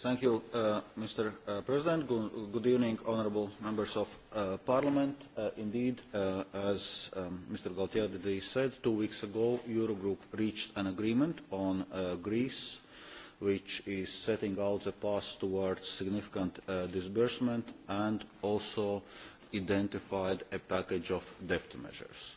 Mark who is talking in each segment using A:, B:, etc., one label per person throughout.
A: Thank you, uh, Mr. Uh, President. Good, good evening, honorable members of uh, Parliament. Uh, indeed, uh, as um, Mr. Galtieri said, two weeks ago, Eurogroup reached an agreement on uh, Greece, which is setting out the path towards significant uh, disbursement and also identified a package of debt measures.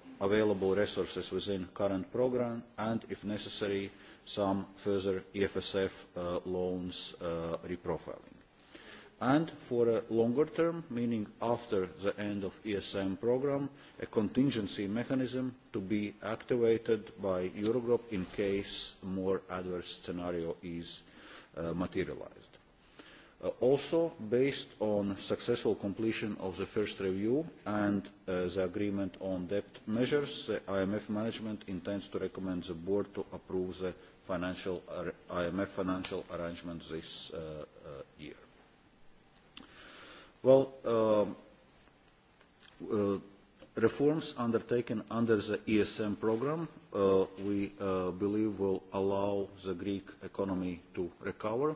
A: available resources within current program and, if necessary, some further EFSF uh, loans uh, reprofiling. And for a longer term, meaning after the end of ESM program, a contingency mechanism to be activated by Eurogroup in case more adverse scenario is uh, materialized. Uh, also based on successful completion of the first review and uh, the agreement on debt measures, the IMF management intends to recommend the board to approve the financial, IMF financial arrangements this uh, uh, year. Well, um, uh, reforms undertaken under the ESM program uh, we uh, believe will allow the Greek economy to recover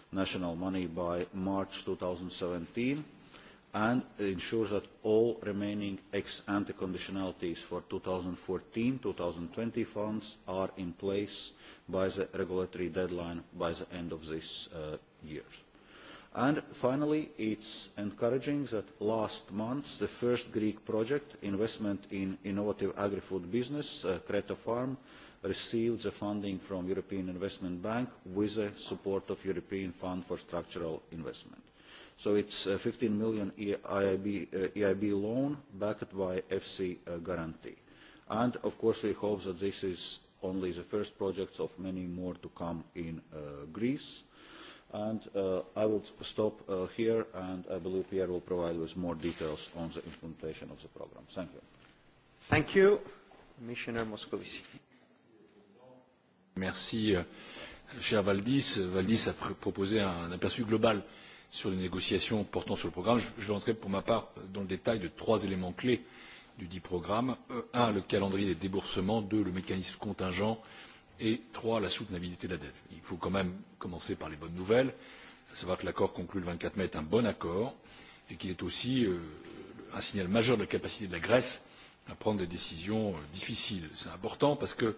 A: national money by March seventeen and ensures that all remaining ex-ante conditionalities for 2014-2020 twenty funds are in place by the regulatory deadline by the end of this uh, year. And finally, it's encouraging that last month the first Greek project, investment in innovative agri-food business, uh, Creta Farm, received the funding from the European Investment Bank with the support of the European Fund for Structural Investment. So it's a uh, 15 million EIB, uh, EIB loan backed by FC uh, guarantee. And of course we hope that this is only the first project of many more to come in uh, Greece. And uh, I will stop uh, here and I believe Pierre will provide with more details on the implementation of the program. Thank you.
B: Thank you, Commissioner
A: Moscovici.
C: Merci, euh, cher Valdis. Valdis a proposé un aperçu global sur les négociations portant sur le programme. Je, je rentrerai pour ma part dans le détail de trois éléments clés du dit programme. Euh, un, le calendrier des déboursements. Deux, le mécanisme contingent. Et trois, la soutenabilité de la dette. Il faut quand même commencer par les bonnes nouvelles, à savoir que l'accord conclu le 24 mai est un bon accord et qu'il est aussi euh, un signal majeur de la capacité de la Grèce à prendre des décisions euh, difficiles. C'est important parce que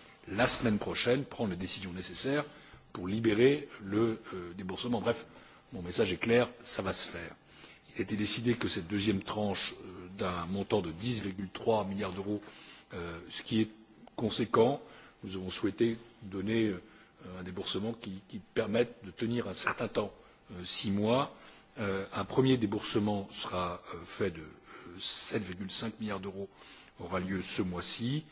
C: la semaine prochaine, prendre les décisions nécessaires pour libérer le euh, déboursement. Bref, mon message est clair, ça va se faire. Il a été décidé que cette deuxième tranche euh, d'un montant de 10,3 milliards d'euros, euh, ce qui est conséquent, nous avons souhaité donner euh, un déboursement qui, qui permette de tenir un certain temps, euh, six mois. Euh, un premier déboursement sera euh, fait de 7,5 euh, milliards d'euros, aura lieu ce mois-ci. Euh,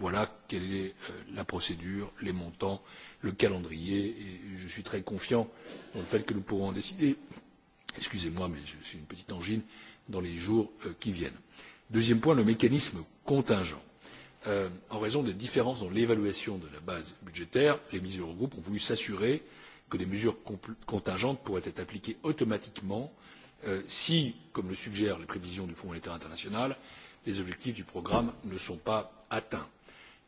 C: Voilà quelle est euh, la procédure, les montants, le calendrier. Et je suis très confiant dans le fait que nous pourrons en décider. Excusez-moi, mais je suis une petite angine dans les jours euh, qui viennent. Deuxième point, le mécanisme contingent. Euh, en raison des différences dans l'évaluation de la base budgétaire, les mises groupe ont voulu s'assurer que des mesures contingentes pourraient être appliquées automatiquement euh, si, comme le suggèrent les prévisions du Fonds monétaire international, les objectifs du programme ne sont pas atteints.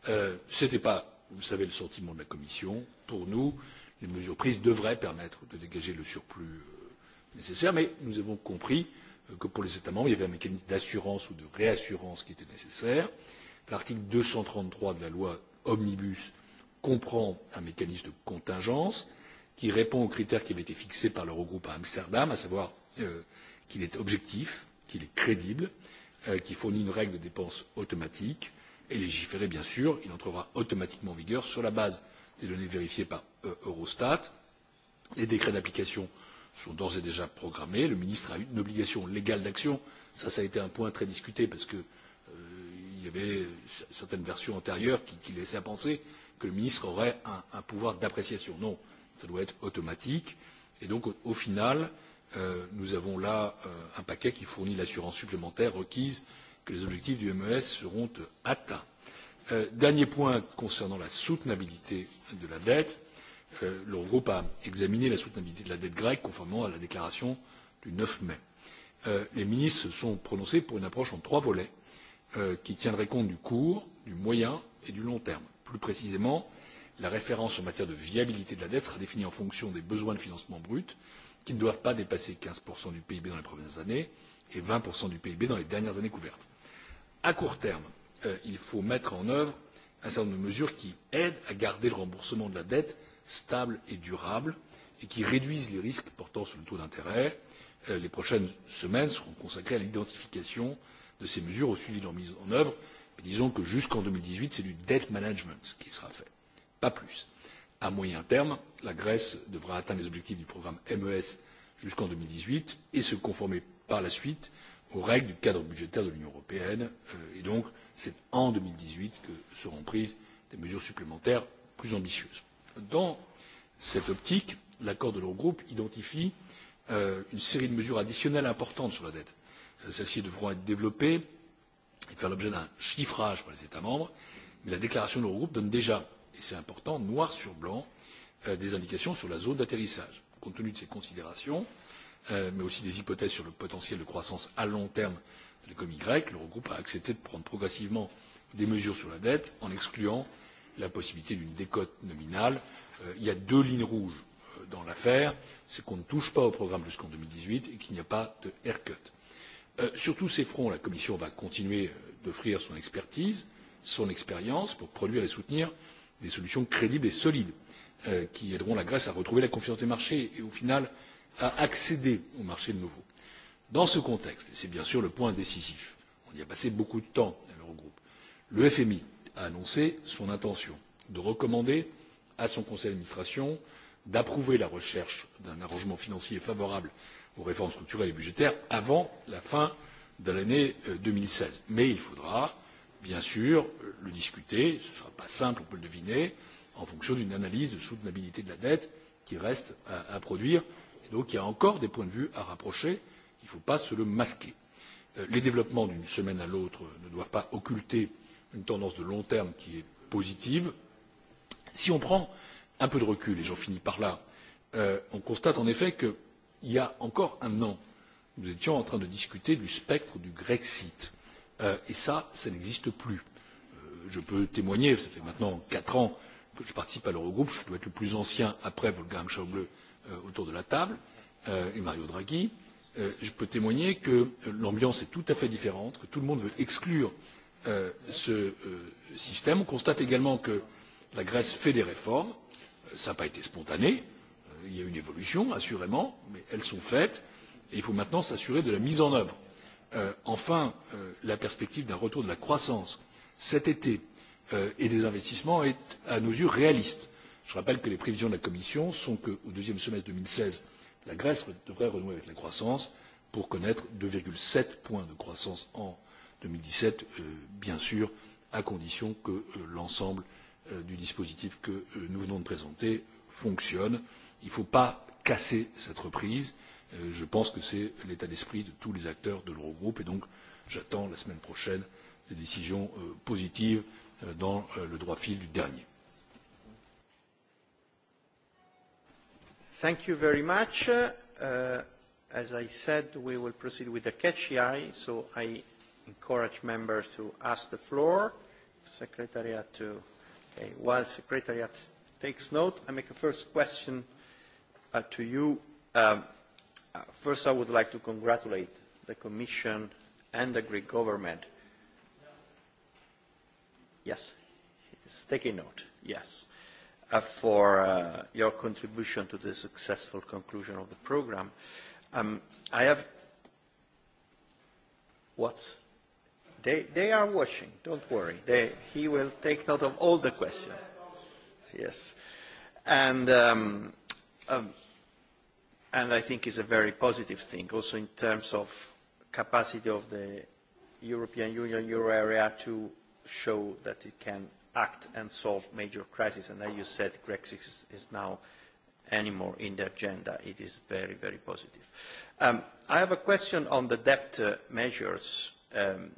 C: Euh, ce n'était pas, vous le savez, le sentiment de la Commission. Pour nous, les mesures prises devraient permettre de dégager le surplus euh, nécessaire, mais nous avons compris euh, que pour les États membres, il y avait un mécanisme d'assurance ou de réassurance qui était nécessaire. L'article deux cent trente trois de la loi Omnibus comprend un mécanisme de contingence qui répond aux critères qui avaient été fixés par l'Eurogroupe à Amsterdam, à savoir euh, qu'il est objectif, qu'il est crédible, euh, Euh, qui fournit une règle de dépenses automatique et légiférer bien sûr il entrera automatiquement en vigueur sur la base des données vérifiées par euh, eurostat. les décrets d'application sont d'ores et déjà programmés le ministre a une obligation légale d'action cela a été un point très discuté parce que euh, il y avait certaines versions antérieures qui, qui laissaient à penser que le ministre aurait un, un pouvoir d'appréciation. non cela doit être automatique et donc au, au final Euh, nous avons là euh, un paquet qui fournit l'assurance supplémentaire requise que les objectifs du mes seront atteints. Euh, dernier point concernant la soutenabilité de la dette l'eurogroupe a examiné la soutenabilité de la dette grecque conformément à la déclaration du neuf mai. les ministres se sont prononcés pour une approche en trois volets qui tiendrait compte du court du moyen et du long terme. plus précisément la référence en matière de viabilité de la dette sera définie en fonction des besoins de financement bruts qui ne doivent pas dépasser quinze du PIB dans les premières années et vingt du PIB dans les dernières années couvertes. À court terme, euh, il faut mettre en œuvre un certain nombre de mesures qui aident à garder le remboursement de la dette stable et durable et qui réduisent les risques portant sur le taux d'intérêt. Euh, les prochaines semaines seront consacrées à l'identification de ces mesures au suivi de leur mise en œuvre. Mais disons que jusqu'en deux mille dix huit, c'est du debt management qui sera fait, pas plus à moyen terme la grèce devra atteindre les objectifs du programme mes jusqu'en deux mille dix huit et se conformer par la suite aux règles du cadre budgétaire de l'union européenne euh, et donc c'est en deux mille dix huit que seront prises des mesures supplémentaires plus ambitieuses. dans cette optique l'accord de l'eurogroupe identifie euh, une série de mesures additionnelles importantes sur la dette. Euh, celles ci devront être développées et faire l'objet d'un chiffrage par les états membres mais la déclaration de l'eurogroupe donne déjà et c'est important, noir sur blanc, euh, des indications sur la zone d'atterrissage. Compte tenu de ces considérations, euh, mais aussi des hypothèses sur le potentiel de croissance à long terme de l'économie grecque, l'Eurogroupe a accepté de prendre progressivement des mesures sur la dette en excluant la possibilité d'une décote nominale. Euh, il y a deux lignes rouges euh, dans l'affaire, c'est qu'on ne touche pas au programme jusqu'en 2018 et qu'il n'y a pas de haircut. Euh, sur tous ces fronts, la Commission va continuer euh, d'offrir son expertise, son expérience pour produire et soutenir euh, des solutions crédibles et solides euh, qui aideront la grèce à retrouver la confiance des marchés et au final à accéder aux marchés de nouveau. dans ce contexte et c'est bien sûr le point décisif on y a passé beaucoup de temps à l'eurogroupe le fmi a annoncé son intention de recommander à son conseil d'administration d'approuver la recherche d'un arrangement financier favorable aux réformes structurelles et budgétaires avant la fin de l'année euh, deux mille seize mais il faudra bien sûr le discuter ce ne sera pas simple on peut le deviner en fonction d'une analyse de soutenabilité de la dette qui reste à, à produire et donc il y a encore des points de vue à rapprocher il ne faut pas se le masquer. Euh, les développements d'une semaine à l'autre ne doivent pas occulter une tendance de long terme qui est positive. si on prend un peu de recul et j'en finis par là euh, on constate en effet qu'il y a encore un an nous étions en train de discuter du spectre du grexit Euh, et ça, ça n'existe plus. Euh, je peux témoigner, ça fait maintenant quatre ans que je participe à l'Eurogroupe, je dois être le plus ancien après Wolfgang Schäuble euh, autour de la table, et Mario Draghi. Je peux témoigner que l'ambiance est tout à fait différente, que tout le monde veut exclure ce système. On constate également que la Grèce fait des réformes. Cela n'a pas été spontané. Il y a une évolution, assurément, mais elles sont faites. Et il faut maintenant s'assurer de la mise en œuvre. Euh, enfin, euh, la perspective d'un retour de la croissance cet été euh, et des investissements est à nos yeux réaliste. Je rappelle que les prévisions de la Commission sont qu'au deuxième semestre deux mille seize, la Grèce devrait renouer avec la croissance pour connaître deux sept points de croissance en deux mille dix sept, bien sûr, à condition que l'ensemble du dispositif que nous venons de présenter fonctionne. Il ne faut pas casser cette reprise. Euh, je pense que c'est l'état d'esprit de tous les acteurs de l'Eurogroupe et donc j'attends la semaine prochaine des décisions euh, positives euh, dans le droit fil du dernier. Thank
B: you very much. Uh, as I said, we will proceed with the catchy eye, so I encourage members to ask the floor. Secretariat to, okay, while Secretariat takes note, I make a first question uh, to you. Um, Uh, first, I would like to congratulate the Commission and the Greek government. Yes, it's taking note, yes, uh, for uh, your contribution to the successful conclusion of the program. Um, I have what? They, they are watching, don't worry. They, he will take note of all the questions. Yes. And um, um, and I think is a very positive thing, also in terms of capacity of the European Union, euro area to show that it can act and solve major crises. And as you said, Brexit is, is now anymore in the agenda. It is very, very positive. Um, I have a question on the debt uh, measures. Um,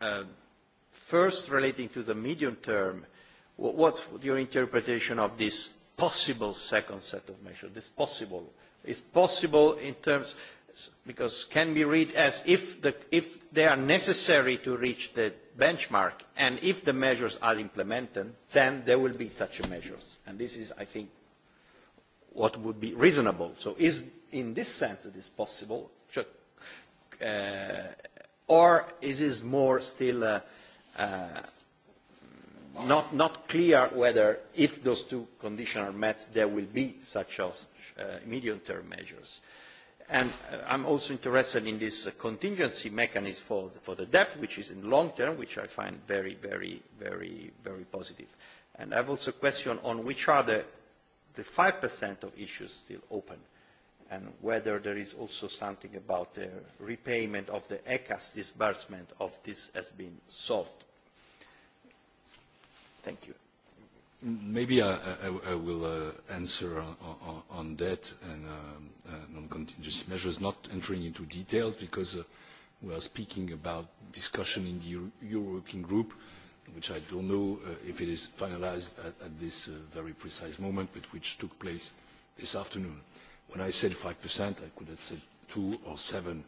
B: uh, first, relating to the medium term, what, what your interpretation of this possible second set of measures, this possible is possible in terms because can be read as if, the, if they are necessary to reach the benchmark and if the measures are implemented, then there will be such measures. And this is, I think, what would be reasonable. So is in this sense that is possible, uh, or is it more still uh, uh, not, not clear whether if those two conditions are met, there will be such a Uh, medium-term measures. And uh, I'm also interested in this uh, contingency mechanism for, for the debt, which is in long term, which I find very, very, very, very positive. And I have also a question on which are the, the 5% of issues still open and whether there is also something about the repayment of the ECAS disbursement
C: of this has been solved. Thank you. Maybe I, I, I will uh, answer on, on, on that and um, uh, on contingency measures, not entering into details because uh, we are speaking about discussion in the Euro Working Group, which I don't know uh, if it is finalized at, at this uh, very precise moment, but which took place this afternoon. When I said 5%, I could have said 2 or 7.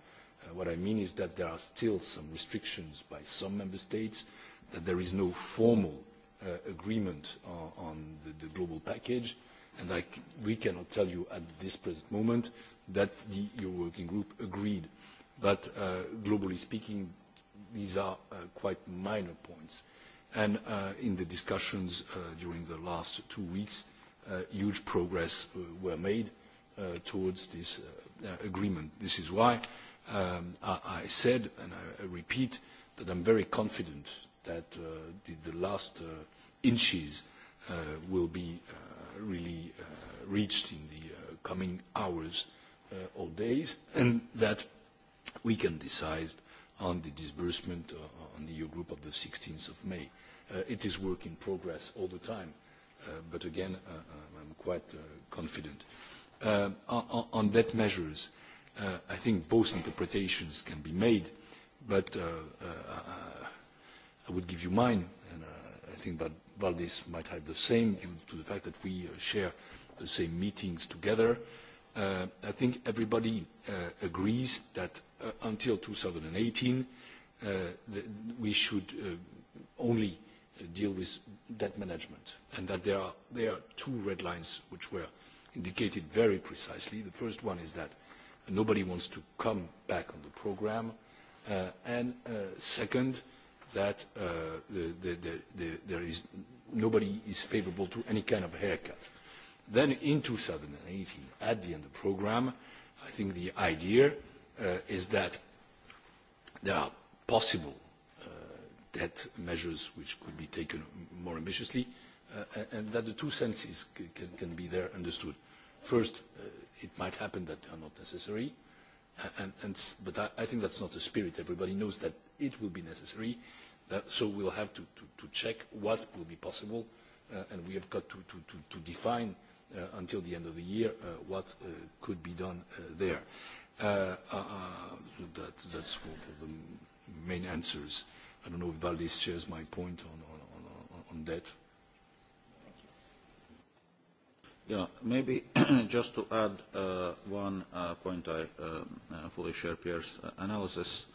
C: Uh, what I mean is that there are still some restrictions by some member states, that there is no formal uh, agreement on, on the, the global package, and I c we cannot tell you at this present moment that the, your working group agreed. But uh, globally speaking, these are uh, quite minor points. And uh, in the discussions uh, during the last two weeks, uh, huge progress uh, were made uh, towards this uh, uh, agreement. This is why um, I, I said, and I, I repeat, that I'm very confident that uh, the, the last uh, inches uh, will be uh, really uh, reached in the uh, coming hours uh, or days, and that we can decide on the disbursement uh, on the EU group of the 16th of May. Uh, it is work in progress all the time, uh, but again, uh, uh I'm quite uh, confident. Uh, on, on debt measures, uh, I think both interpretations can be made, but uh, uh, uh I would give you mine, and uh, I think that Valdis might have the same due to the fact that we uh, share the same meetings together. Uh, I think everybody uh, agrees that uh, until 2018, uh, the, we should uh, only uh, deal with debt management and that there are, there are two red lines which were indicated very precisely. The first one is that nobody wants to come back on the program. Uh, and uh, second, uh, that uh, the, the, the, there is, nobody is favorable to any kind of haircut. Then in 2018, at the end of the program, I think the idea uh, is that there are possible uh, debt measures which could be taken more ambitiously uh, and that the two senses can, can be there understood. First, uh, it might happen that they are not necessary, uh, and, and, but I, I think that's not the spirit. Everybody knows that it will be necessary. That, uh, so we'll have to, to, to check what will be possible, uh, and we have got to, to, to, to define uh, until the end of the year uh, what uh, could be done uh, there. Uh, uh, uh so that, that's for, for the main answers. I don't know if Valdis shares my point on, on, on, on that.
A: Yeah, maybe just to add uh, one uh, point I um, uh, fully share Pierre's uh, analysis. Uh,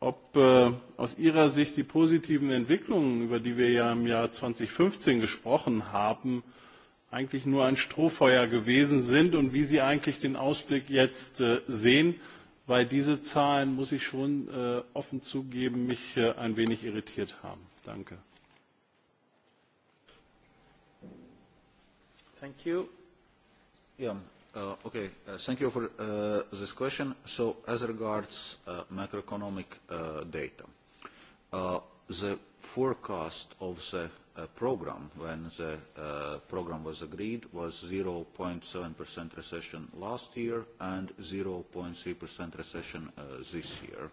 D: ob äh, aus Ihrer Sicht die positiven Entwicklungen, über die wir ja im Jahr 2015 gesprochen haben, eigentlich nur ein Strohfeuer gewesen sind und wie Sie eigentlich den Ausblick jetzt äh, sehen, weil diese Zahlen, muss ich schon äh, offen zugeben, mich äh, ein wenig irritiert haben. Danke.
B: Thank you.
A: Yeah. Uh, okay, uh, thank you for uh, this question. So as regards uh, macroeconomic uh, data, uh, the forecast of the uh, program when the uh, program was agreed was 0.7% recession last year and 0.3% recession uh, this year.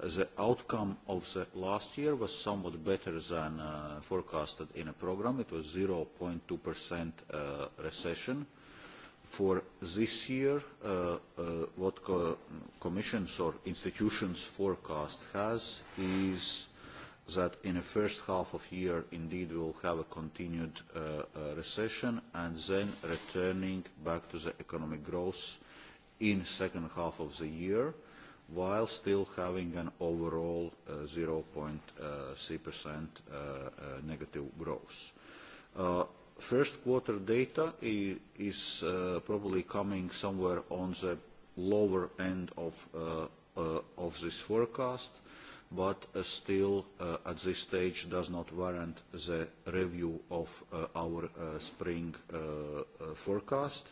A: The outcome of the last year was somewhat better than uh, forecasted in a program. It was 0.2% uh, recession for this year, uh, uh, what co commissions or institutions forecast has is that in the first half of the year, indeed, we will have a continued uh, uh, recession and then returning back to the economic growth in the second half of the year, while still having an overall uh, 0.3% uh, uh, uh, negative growth. Uh, first quarter data is uh, probably coming somewhere on the lower end of, uh, uh, of this forecast, but uh, still uh, at this stage does not warrant the review of uh, our uh, spring uh, uh, forecast.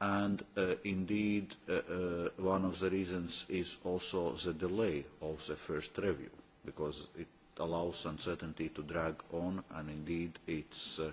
A: And uh, indeed, uh, uh, one of the reasons is also the delay of the first review, because it allows uncertainty to drag on, and indeed it's uh,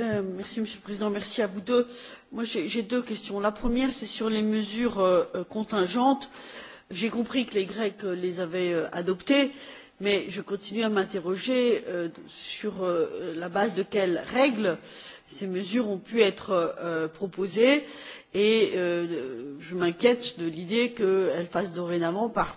E: Euh, merci, Monsieur le Président. Merci à vous deux. Moi, j'ai deux questions. La première, c'est sur les mesures euh, euh, contingentes. J'ai compris que les Grecs euh, les avaient euh, adoptées, mais je continue à m'interroger euh, sur euh, la base de quelles règles ces mesures ont pu être euh, euh proposées et euh, je m'inquiète de l'idée qu'elles fassent dorénavant par,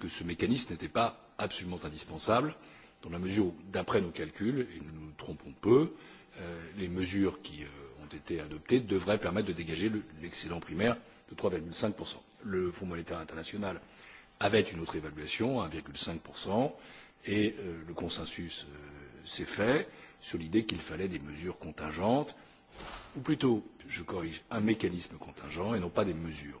C: que, ce mécanisme n'était pas absolument indispensable, dans la mesure où, d'après nos calculs, et nous nous trompons peu, euh, les mesures qui euh, ont été adoptées devraient permettre de dégager l'excédent le, primaire de 3,5%. Le Fonds monétaire international avait une autre évaluation, 1,5%, et euh, le consensus euh, s'est fait sur l'idée qu'il fallait des mesures contingentes, ou plutôt, je corrige, un mécanisme contingent et non pas des mesures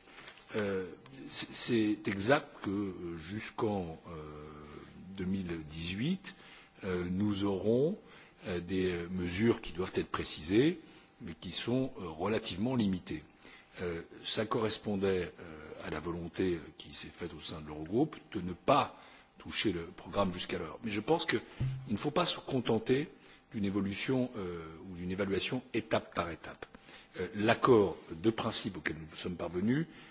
C: Euh, c'est exact que euh, jusqu'en euh, 2018, euh, nous aurons euh, des euh, mesures qui doivent être précisées, mais qui sont euh, relativement limitées. Euh, ça correspondait euh, à la volonté qui s'est faite au sein de l'Eurogroupe de ne pas toucher le programme jusqu'alors. Mais je pense qu'il ne faut pas se contenter d'une évolution euh, ou d'une évaluation étape par étape. Euh, L'accord de principe auquel nous sommes parvenus euh,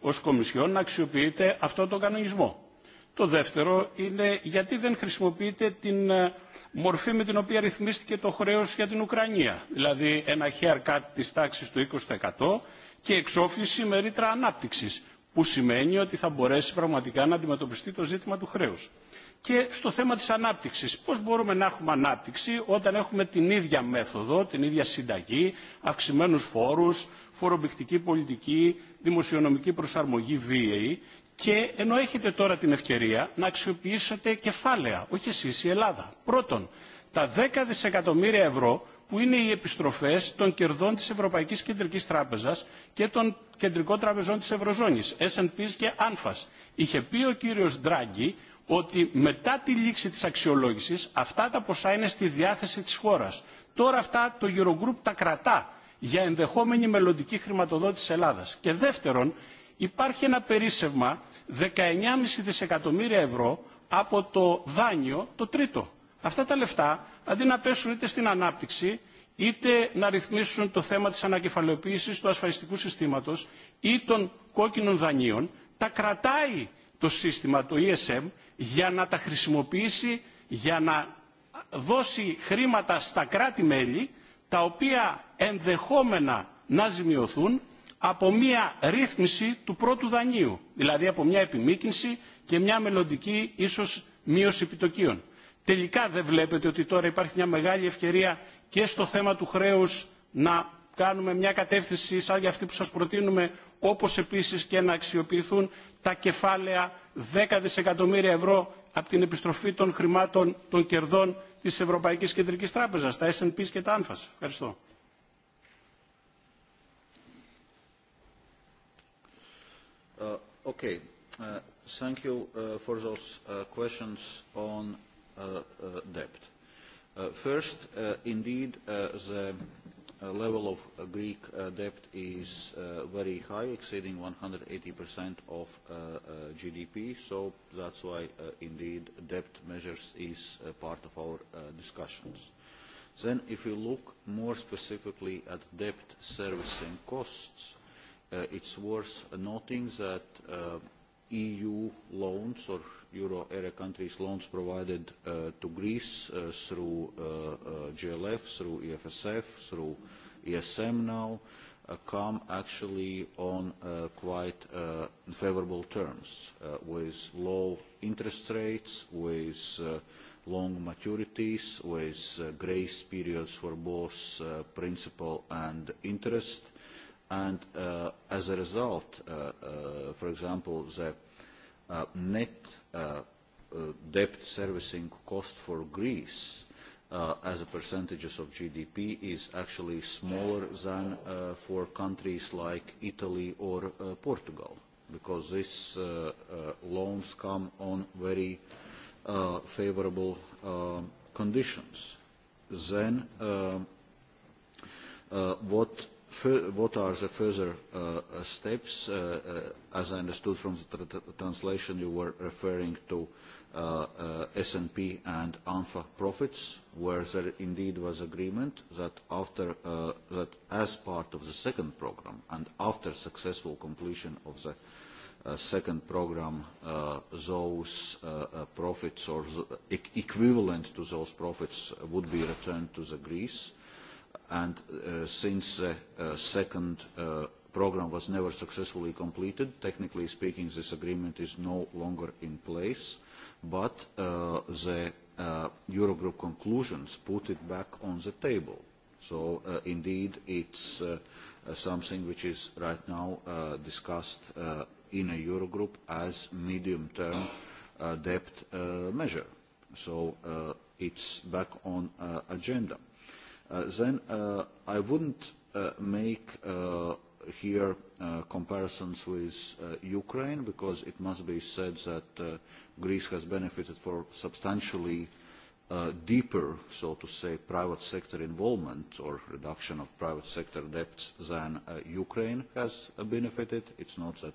F: ως Κομισιόν να αξιοποιείται αυτό το κανονισμό. Το δεύτερο είναι γιατί δεν χρησιμοποιείται την μορφή με την οποία ρυθμίστηκε το χρέος για την Ουκρανία, δηλαδή ένα haircut της τάξης του 20% και εξόφληση με ρήτρα ανάπτυξης, που σημαίνει ότι θα μπορέσει πραγματικά να αντιμετωπιστεί το ζήτημα του χρέους και στο θέμα της ανάπτυξης. Πώς μπορούμε να έχουμε ανάπτυξη όταν έχουμε την ίδια μέθοδο, την ίδια συνταγή, αυξημένους φόρους, φορομπηκτική πολιτική, δημοσιονομική προσαρμογή βίαιη και ενώ έχετε τώρα την ευκαιρία να αξιοποιήσετε κεφάλαια, όχι εσείς η Ελλάδα. Πρώτον, τα 10 δισεκατομμύρια ευρώ που είναι οι επιστροφές των κερδών της Ευρωπαϊκής Κεντρικής Τράπεζας και των κεντρικών τραπεζών της Ευρωζώνης, S&P και ANFAS. Είχε πει ο κύριος Ντράγκη ότι μετά τη λήξη της αξιολόγησης αυτά τα ποσά είναι στη διάθεση της χώρας. Τώρα αυτά το Eurogroup τα κρατά για ενδεχόμενη μελλοντική χρηματοδότηση της Ελλάδας. Και δεύτερον, υπάρχει ένα περίσσευμα 19,5 δισεκατομμύρια ευρώ από το δάνειο το τρίτο. Αυτά τα λεφτά, αντί να πέσουν είτε στην ανάπτυξη, είτε να ρυθμίσουν το θέμα της ανακεφαλαιοποίησης του ασφαλιστικού συστήματος ή των κόκκινων δανείων, τα κρατάει το σύστημα, το ESM, για να τα χρησιμοποιήσει, για να δώσει χρήματα στα κράτη-μέλη, τα οποία ενδεχόμενα να ζημιωθούν από μια ρύθμιση του πρώτου δανείου, δηλαδή από μια επιμήκυνση και μια μελλοντική ίσως μείωση επιτοκίων. Τελικά δεν βλέπετε ότι τώρα υπάρχει μια μεγάλη ευκαιρία και στο θέμα του χρέους να κάνουμε μια κατεύθυνση σαν για αυτή που σας προτείνουμε, όπως επίσης και να αξιοποιηθούν τα κεφάλαια 10 δισεκατομμύρια ευρώ από την επιστροφή των χρημάτων των κερδών της Ευρωπαϊκής Κεντρικής Τράπεζας, τα S&P και τα ΑΝΦΑΣ. Ευχαριστώ.
A: Uh, okay, uh, thank you uh, for those uh, questions on uh, uh, debt. Uh, first, uh, indeed, uh, the uh, level of uh, Greek uh, debt is uh, very high, exceeding 180% of uh, uh, GDP, so that's why uh, indeed debt measures is uh, part of our uh, discussions. Then if you look more specifically at debt servicing costs, uh, it's worth noting that uh, EU loans or euro area countries loans provided uh, to Greece uh, through uh, uh, GLF, through EFSF, through ESM now uh, come actually on uh, quite uh, favorable terms uh, with low interest rates, with uh, long maturities, with uh, grace periods for both uh, principal and interest. Uh, And uh, as a result, uh, uh, for example, the uh, net uh, uh, debt servicing cost for Greece uh, as a percentage of GDP is actually smaller than uh, for countries like Italy or uh, Portugal because these uh, uh, loans come on very uh, favorable uh, conditions. Then uh, uh, what what are the further uh, uh, steps? Uh, uh, as I understood from the tr tr translation, you were referring to uh, uh, S&P and ANFA profits, where there indeed was agreement that, after, uh, that as part of the second program and after successful completion of the uh, second program, uh, those uh, uh, profits or the e-, equivalent to those profits would be returned to the Greece and uh, since the uh, uh, second uh, program was never successfully completed, technically speaking, this agreement is no longer in place, but uh, the uh, Eurogroup conclusions put it back on the table. So uh, indeed, it's uh, uh something which is right now uh, discussed uh, in a Eurogroup as medium-term uh, debt uh, measure. So uh, it's back on uh, agenda. Uh, then uh, I wouldn't uh, make uh, here uh, comparisons with uh, Ukraine because it must be said that uh, Greece has benefited for substantially uh, deeper, so to say, private sector involvement or reduction of private sector debts than uh, Ukraine has uh, benefited. It's not that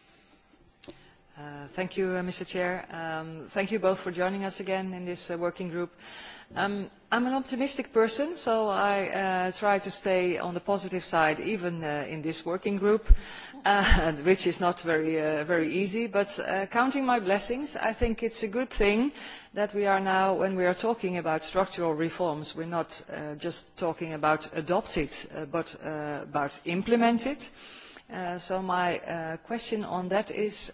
G: Uh, thank you, uh, Mr. Chair. Um, thank you both for joining us again in this uh, working group. Um, I'm an optimistic person, so I uh, try to stay on the positive side, even uh, in this working group, uh, which is not very, uh, very easy. But uh, counting my blessings, I think it's a good thing that we are now, when we are talking about structural reforms, we're not uh, just talking about adopt it, uh, but uh, about implement it. Uh, so my uh, question on that is,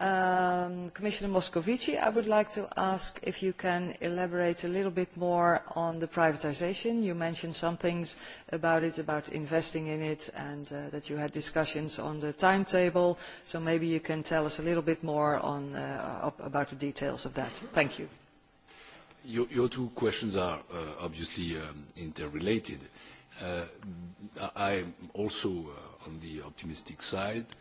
G: Um, Commissioner Moscovici, I would like to ask if you can elaborate a little bit more on the privatization. You mentioned some things about it, about investing in it, and uh, that you had discussions on the timetable. So maybe you can tell us a little bit more on, uh, about the details of that. Thank you.
C: Your, your two questions are uh, obviously um, interrelated. Uh, am also uh, on the optimistic side. Uh,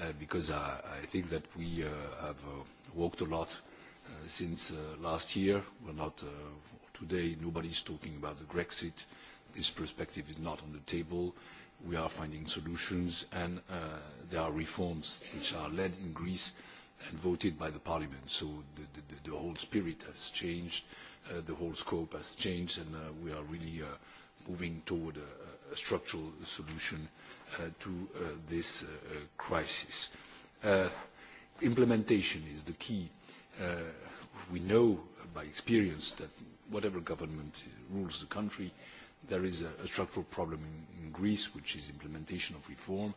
C: Uh, because I, I think that we uh, have uh, worked a lot uh, since uh, last year. We're not, uh, today nobody's talking about the Grexit. This perspective is not on the table. We are finding solutions and uh, there are reforms which are led in Greece and voted by the parliament. So the, the, the whole spirit has changed, uh, the whole scope has changed and uh, we are really uh, moving toward a, a structural solution Uh, to uh, this uh, crisis. Uh, implementation is the key. Uh, we know by experience that whatever government rules the country, there is a, a structural problem in, in Greece, which is implementation of reform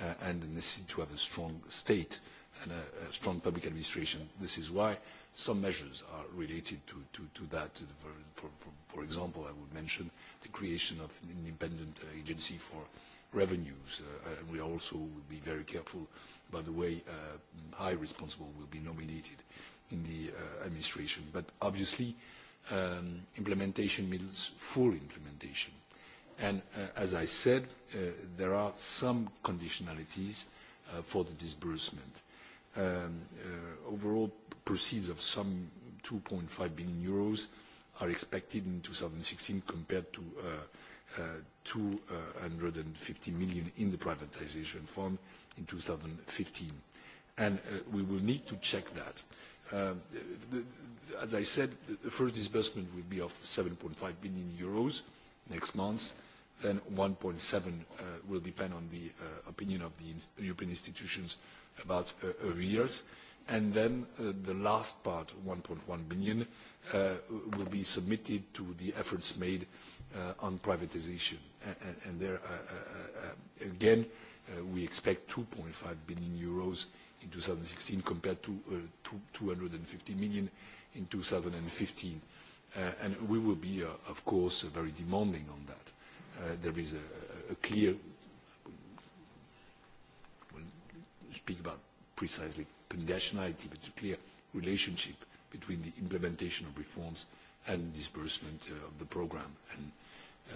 C: uh, and the necessity to have a strong state and a, a strong public administration. This is why some measures are related to, to, to that. For, for, for example, I would mention the creation of an independent agency for revenues. Uh, and we also will be very careful about the way uh, high responsible will be nominated in the uh, administration. But obviously, um, implementation means full implementation. And uh, as I said, uh, there are some conditionalities uh, for the disbursement. Um, uh, overall, proceeds of some 2.5 billion euros are expected in 2016 compared to uh, 250 uh, million in the privatization fund in 2015. And uh, we will need to check that. Uh, the, the, as I said, the first disbursement will be of 7.5 billion euros next month. Then 1.7 uh, will depend on the uh, opinion of the European institutions about uh, arrears. And then uh, the last part, 1.1 billion, uh, will be submitted to the efforts made uh, uh, on privatization. And, and there, uh, uh, uh, again, uh, we expect 2.5 billion euros in 2016 compared to uh, two, 250 million in 2015. Uh, and we will be, uh, of course, uh, very demanding on that. Uh, there is a, a clear, we'll speak about precisely conditionality, but a clear relationship between the implementation of reforms and disbursement uh, of the program. And Uh,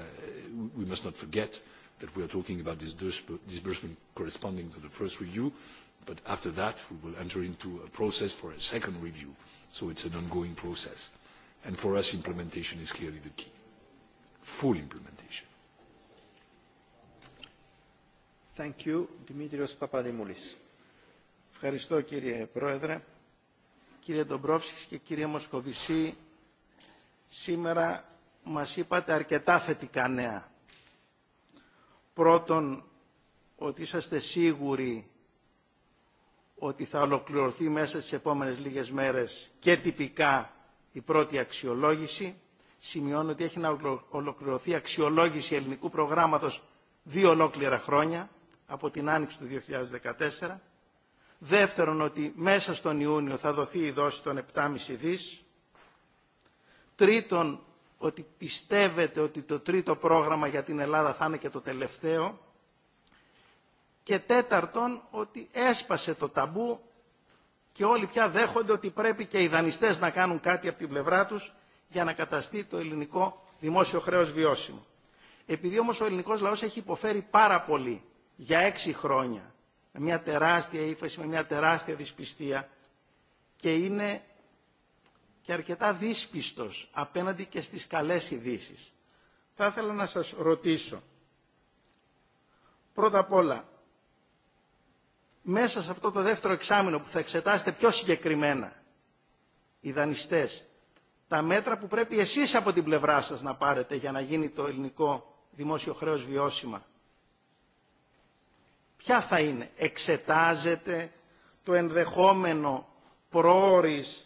C: we must not forget that we are talking about this disbursement corresponding to the first review, but after that we will enter into a process for a second review. So it's an ongoing process. And for us, implementation is clearly the key. Full implementation. Thank you. Dimitrios
H: Papadimoulis. Ευχαριστώ κύριε Πρόεδρε. Κύριε Ντομπρόφσκης και κύριε Μοσκοβισή, σήμερα μας είπατε αρκετά θετικά νέα. Πρώτον, ότι είσαστε σίγουροι ότι θα ολοκληρωθεί μέσα στις επόμενες λίγες μέρες και τυπικά η πρώτη αξιολόγηση. Σημειώνω ότι έχει να ολοκληρωθεί αξιολόγηση ελληνικού προγράμματος δύο ολόκληρα χρόνια από την άνοιξη του 2014. Δεύτερον, ότι μέσα στον Ιούνιο θα δοθεί η δόση των 7,5 δις. Τρίτον, ότι πιστεύετε ότι το τρίτο πρόγραμμα για την Ελλάδα θα είναι και το τελευταίο και τέταρτον ότι έσπασε το ταμπού και όλοι πια δέχονται ότι πρέπει και οι δανειστές να κάνουν κάτι από την πλευρά τους για να καταστεί το ελληνικό δημόσιο χρέος βιώσιμο. Επειδή όμως ο ελληνικός λαός έχει υποφέρει πάρα πολύ για έξι χρόνια, με μια τεράστια ύφεση, με μια τεράστια δυσπιστία και είναι και αρκετά δύσπιστος απέναντι και στις καλές ειδήσει. Θα ήθελα να σας ρωτήσω, πρώτα απ' όλα, μέσα σε αυτό το δεύτερο εξάμεινο που θα εξετάσετε πιο συγκεκριμένα, οι δανειστές, τα μέτρα που πρέπει εσείς από την πλευρά σας να πάρετε για να γίνει το ελληνικό δημόσιο χρέος βιώσιμα. Ποια θα είναι, εξετάζετε το ενδεχόμενο πρόορης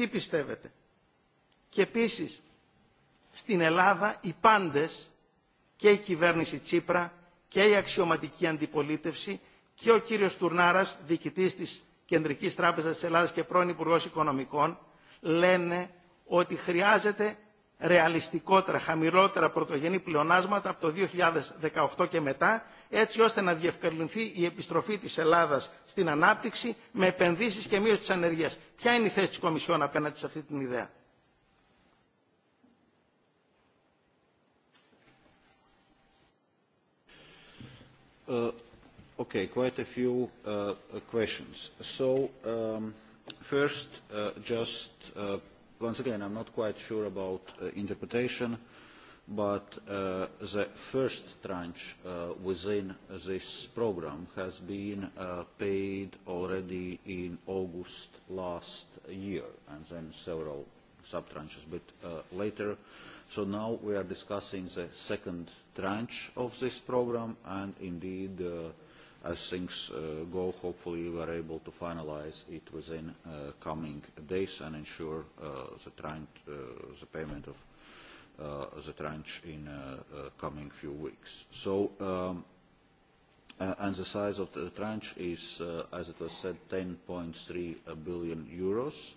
H: Τι πιστεύετε. Και επίσης, στην Ελλάδα οι πάντες, και η κυβέρνηση Τσίπρα, και η αξιωματική αντιπολίτευση, και ο κύριος Τουρνάρας, διοικητής της Κεντρικής Τράπεζας της Ελλάδας και πρώην Υπουργός Οικονομικών, λένε ότι χρειάζεται ρεαλιστικότερα, χαμηλότερα πρωτογενή πλεονάσματα από το 2018 και μετά, έτσι ώστε να διευκολυνθεί η επιστροφή της Ελλάδας στην ανάπτυξη με επενδύσεις και μείωση της ανεργίας. Ποια είναι η θέση της Κομισιόν απέναντι σε αυτή την ιδέα.
A: Uh, okay, quite a few uh, questions. So, um, first, uh, just uh, once again, I'm not quite sure about uh, interpretation, but uh, the first tranche uh, within this program has been uh, paid already in August last year, and then several sub-tranches a bit uh, later. So now we are discussing the second tranche of this program, and indeed uh, as things uh, go, hopefully we are able to finalize it within uh, coming days and ensure uh, the, trend, uh, the payment of uh, the tranche in uh, uh, coming few weeks. So, um, uh, and the size of the tranche is, uh, as it was said, 10.3 billion euros.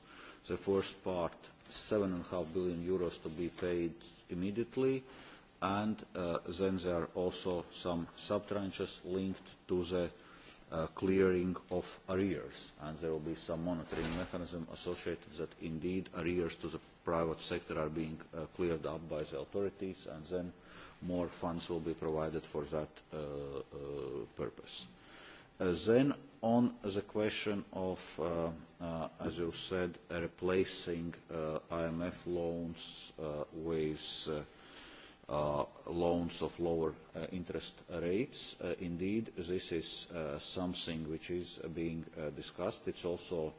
A: The first part, 7.5 billion euros to be paid immediately and uh, then there are also some sub-tranches linked to the uh, clearing of arrears, and there will be some monitoring mechanism associated that indeed arrears to the private sector are being uh, cleared up by the authorities, and then more funds will be provided for that uh, uh, purpose. Uh, then on the question of, uh, uh, as you said, uh, replacing uh, IMF loans uh, with uh, uh, loans of lower uh, interest rates. Uh, indeed, this is uh, something which is uh, being uh, discussed. It's also,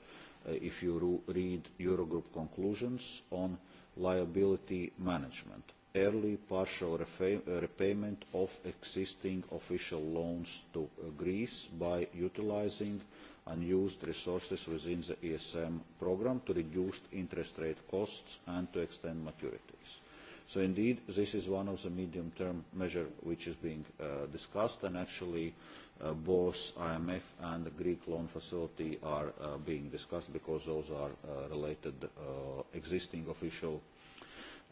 A: uh, if you read Eurogroup conclusions on liability management, early partial uh, repayment of existing official loans to uh, Greece by utilizing unused resources within the ESM program to reduce interest rate costs and to extend maturities So indeed, this is one of the medium-term measures which is being uh, discussed, and actually uh, both IMF and the Greek loan facility are uh, being discussed because those are uh, related uh, existing official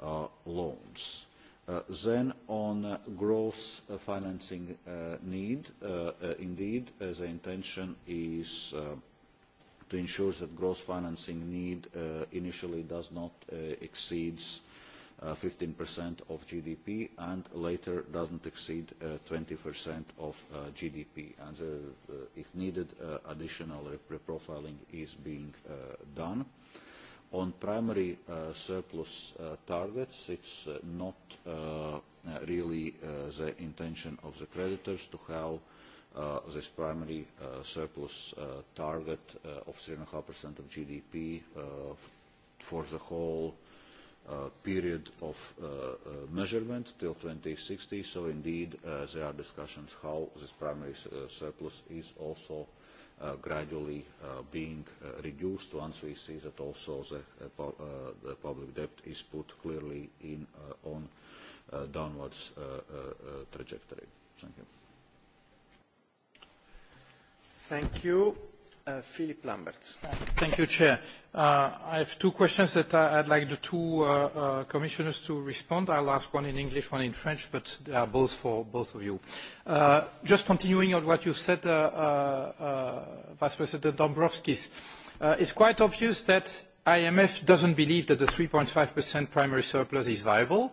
A: uh, loans. Uh, then on uh, growth uh, financing uh, need, uh, uh, indeed, uh, the intention is uh, to ensure that growth financing need uh, initially does not uh, exceeds 15% uh, of GDP and later doesn't exceed uh, 20% of uh, GDP. And uh, uh, if needed, uh, additional reprofiling is being uh, done. On primary uh, surplus uh, targets, it's uh, not uh, uh really uh, the intention of the creditors to have uh, this primary uh, surplus uh, target uh, of 3.5% of GDP uh, for the whole uh, Uh, period of uh, uh, measurement till 2060. So indeed, uh, there are discussions how this primary uh, surplus is also uh, gradually uh, being uh, reduced once we see that also the, uh, pu uh, the public debt is put clearly in uh, on uh, downwards uh, uh, uh trajectory. Thank you.
I: Thank you.
B: Philippe uh, Philip Lamberts.
I: Thank you, Chair. Uh, I have two questions that I, I'd like the two uh, uh, commissioners to respond. I'll ask one in English, one in French, but they are both for both of you. Uh, just continuing on what you've said, uh, uh, uh, Vice President Dombrovskis, uh, it's quite obvious that IMF doesn't believe that the 3.5% primary surplus is viable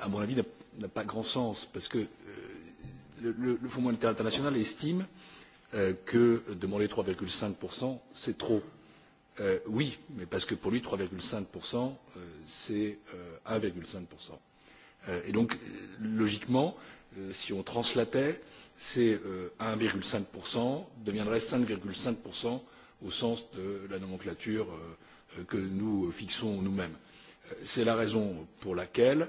C: à mon avis, n'a pas grand sens, parce que euh, le, le, Fonds monétaire international estime euh, que demander 3,5%, c'est trop. Euh, oui, mais parce que pour lui, 3,5%, euh, c'est 1,5%. et donc, logiquement, si on translatait, c'est 1,5% deviendrait 5,5% au sens de la nomenclature que nous fixons nous-mêmes. C'est la raison pour laquelle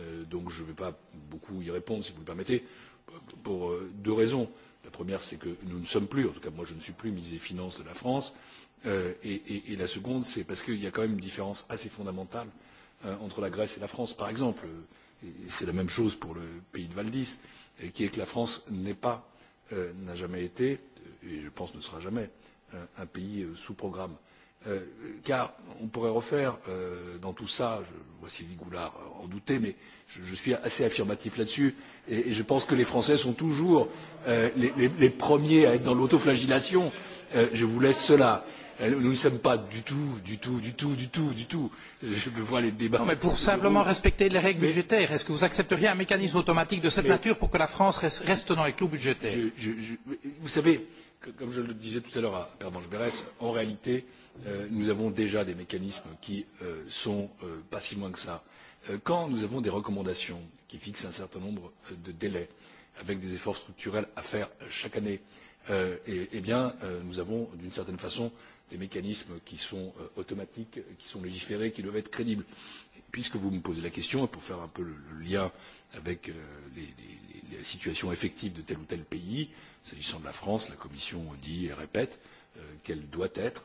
C: Euh, donc je ne vais pas beaucoup y répondre si vous le permettez pour euh, deux raisons. La première, c'est que nous ne sommes plus, en tout cas moi je ne suis plus ministre des Finances de la France, euh, et, et, et la seconde, c'est parce qu'il y a quand même une différence assez fondamentale euh, entre la Grèce et la France, par exemple, et c'est la même chose pour le pays de Valdis, et euh, qui est que la France n'est pas, euh, n'a jamais été, et je pense ne sera jamais, un, un pays sous programme Euh, car on pourrait refaire euh, dans tout ça, je voici Goulard en doutait, mais je, je suis assez affirmatif là-dessus, et, et je pense que les Français sont toujours euh, les, les, les premiers à être dans l'autoflagellation. Euh, je vous laisse cela. Euh, nous ne sommes pas du tout, du tout, du tout, du tout, du tout. Je me vois les débats. Non, mais pour simplement vous...
I: respecter les règles mais... budgétaires, est-ce que vous accepteriez un mécanisme automatique de cette mais... nature pour que la France reste dans les clous budgétaires je, je, je... Vous savez,
C: que, comme je le disais tout à l'heure à Père Berès, en réalité, euh, Euh, nous avons déjà des mécanismes qui euh, sont euh, pas si loin que ça. Quand nous avons des recommandations qui fixent un certain nombre de délais, avec des efforts structurels à faire chaque année, et eh bien, nous avons d'une certaine façon des mécanismes qui sont automatiques, qui sont légiférés, qui doivent être crédibles. Puisque vous me posez la question, et pour faire un peu le, le lien avec les, les, les situations effectives de tel ou tel pays, s'agissant de la France, la Commission dit et répète qu'elle doit être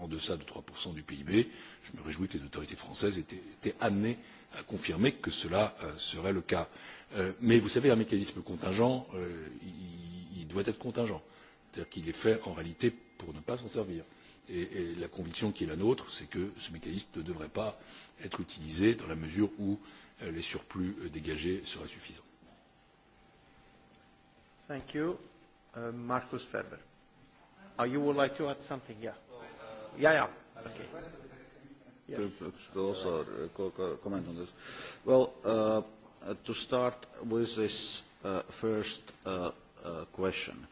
C: en deçà de 3% du PIB. Je me réjouis que les autorités françaises étaient, étaient amenées à confirmer que cela euh, serait le cas. Euh, mais vous savez, un mécanisme contingent, euh, il, il doit être contingent. C'est-à-dire qu'il est fait en réalité pour ne pas s'en servir. Et, et la conviction qui est la nôtre, c'est que ce mécanisme ne devrait pas être utilisé dans la mesure où euh, les surplus euh, dégagés seraient suffisants.
B: Thank you. Uh, Markus Ferber. Oh, you would like to add something? Yeah.
A: Yeah, yeah. Okay. Yes. To also comment on this. Well, uh, to start with this uh, first uh, uh, question.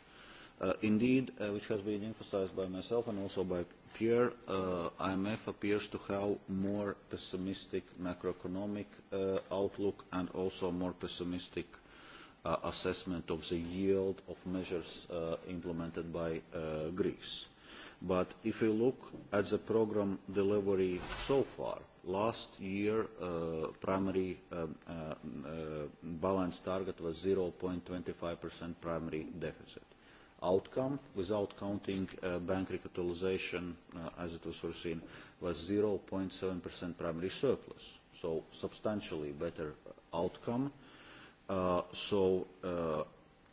A: Uh, indeed, uh, which has been emphasized by myself and also by Pierre, uh, IMF appears to have more pessimistic macroeconomic uh, outlook and also more pessimistic uh, assessment of the yield of measures uh, implemented by uh, Greece. But if you look at the program delivery so far, last year uh, primary um, uh, uh, balance target was 0.25% primary deficit. Outcome, without counting uh, bank recapitalization uh, as it was foreseen, was 0.7% primary surplus. So substantially better outcome. Uh, so uh,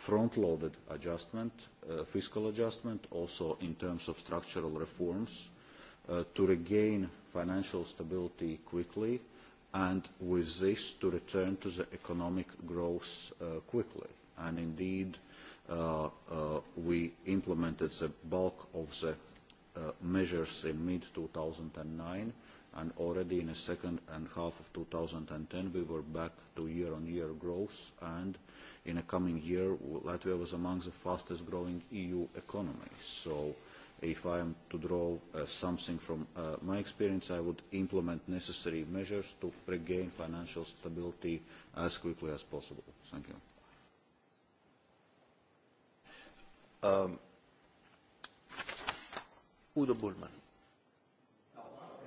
A: front-loaded adjustment, uh, fiscal adjustment, also in terms of structural reforms, uh, to regain financial stability quickly, and with this to return to the economic growth uh, quickly. And indeed, uh, uh, we implemented the bulk of the uh, measures in mid-2009, and already in the second and half of 2010 we were back to year-on-year -year growth and in the coming year Latvia was among the fastest growing EU economies. So if I am to draw uh, something from uh, my experience, I would implement necessary measures to regain financial stability as quickly as possible. Thank you. Um, Udo
J: Bullman.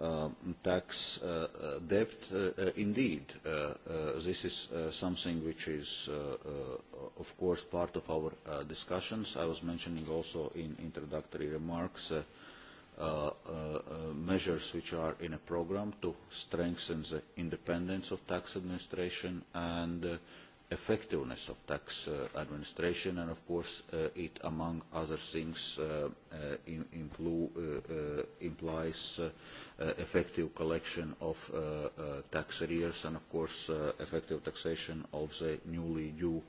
A: um, tax uh, uh, debt, uh, uh, indeed, uh, uh, this is uh, something which is, uh, uh, of course, part of our uh, discussions. I was mentioning also in introductory remarks uh, uh, uh, measures which are in a program to strengthen the independence of tax administration and uh, effectiveness of tax uh, administration and of course uh, it among other things uh, uh, uh, uh, implies uh, uh, effective collection of uh, uh, tax arrears and of course uh, effective taxation of the newly due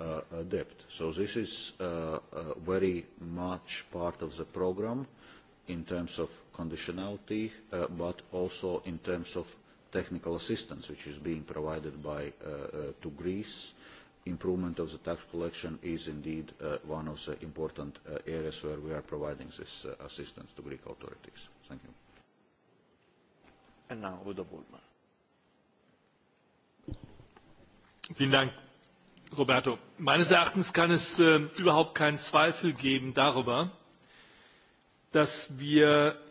A: uh, uh debt. So this is uh, uh, very much part of the program in terms of conditionality uh, but also in terms of technical assistance which is being provided by, uh, uh, to Greece. Improvement of the tax collection is indeed uh, one of the important uh, areas where we are providing this uh, assistance to Greek authorities. Thank you. And now Udo Bullman.
K: Vielen Dank, Roberto. Meines Erachtens kann es äh, überhaupt keinen Zweifel geben darüber, dass wir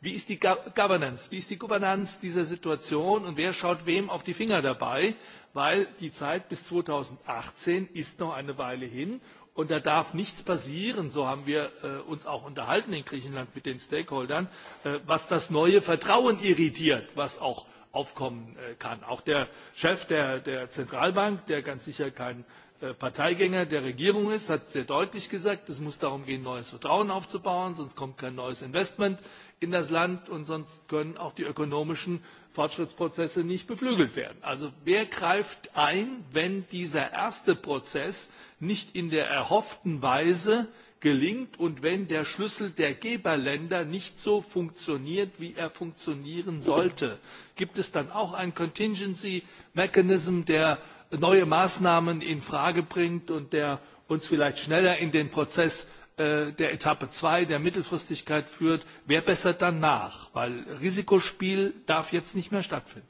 K: Wie ist die Governance? Wie ist die Governance dieser Situation und wer schaut wem auf die Finger dabei? Weil die Zeit bis 2018 ist noch eine Weile hin und da darf nichts passieren, so haben wir äh, uns auch unterhalten in Griechenland mit den Stakeholdern, äh, was das neue Vertrauen irritiert, was auch aufkommen äh, kann. Auch der Chef der, der Zentralbank, der ganz sicher kein Äh, Parteigänger der Regierung ist, hat sehr deutlich gesagt, es muss darum gehen, neues Vertrauen aufzubauen, sonst kommt kein neues Investment in das Land und sonst können auch die ökonomischen Fortschrittsprozesse nicht beflügelt werden. Also wer greift ein, wenn dieser erste Prozess nicht in der erhofften Weise gelingt und wenn der Schlüssel der Geberländer nicht so funktioniert, wie er funktionieren sollte? Gibt es dann auch einen Contingency Mechanism, der neue Maßnahmen in Frage bringt und der uns vielleicht schneller in den Prozess äh, der Etappe zwei der Mittelfristigkeit führt, wer bessert dann nach? Weil Risikospiel darf jetzt nicht mehr stattfinden.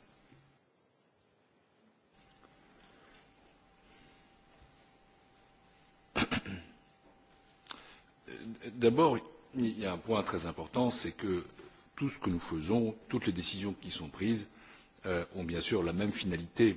C: D'abord, il y a un point très important, c'est que tout ce que nous faisons, toutes les décisions qui sont prises, euh, ont bien sûr la même finalité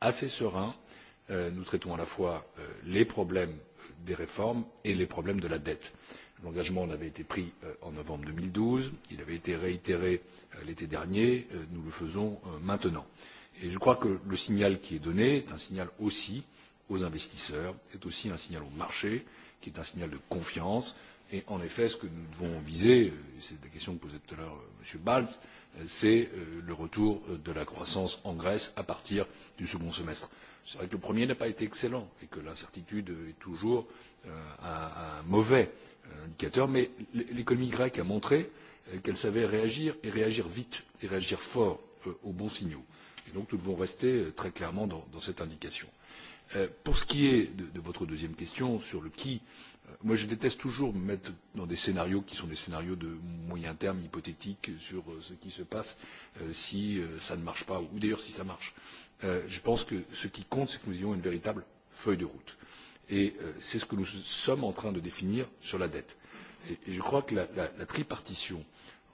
C: assez serein, euh, nous traitons à la fois euh, les problèmes des réformes et les problèmes de la dette. L'engagement en avait été pris euh, en novembre deux mille douze, il avait été réitéré l'été dernier, nous le faisons maintenant. Et je crois que le signal qui est donné est un signal aussi aux investisseurs, est aussi un signal au marché, qui est un signal de confiance, Et en effet, ce que nous devons viser, c'est la question que posait tout à l'heure euh, M. Balz, euh, c'est euh, le retour de la croissance en Grèce à partir du second semestre. C'est vrai que le premier n'a pas été excellent et que l'incertitude est toujours un mauvais indicateur, mais l'économie grecque a montré qu'elle savait réagir et réagir vite et réagir fort aux bons signaux. Et donc nous devons rester très clairement dans, dans cette indication. Pour ce qui est de, de votre deuxième question sur le qui, euh, Moi, je déteste toujours me mettre dans des scénarios qui sont des scénarios de moyen terme, hypothétiques, sur euh, ce qui se passe euh, si euh, ça ne marche pas, ou d'ailleurs si ça marche. Euh, je pense que ce qui compte, c'est que nous ayons une véritable feuille de route. Et euh, c'est ce que nous sommes en train de définir sur la dette. Et, et je crois que la, la, la tripartition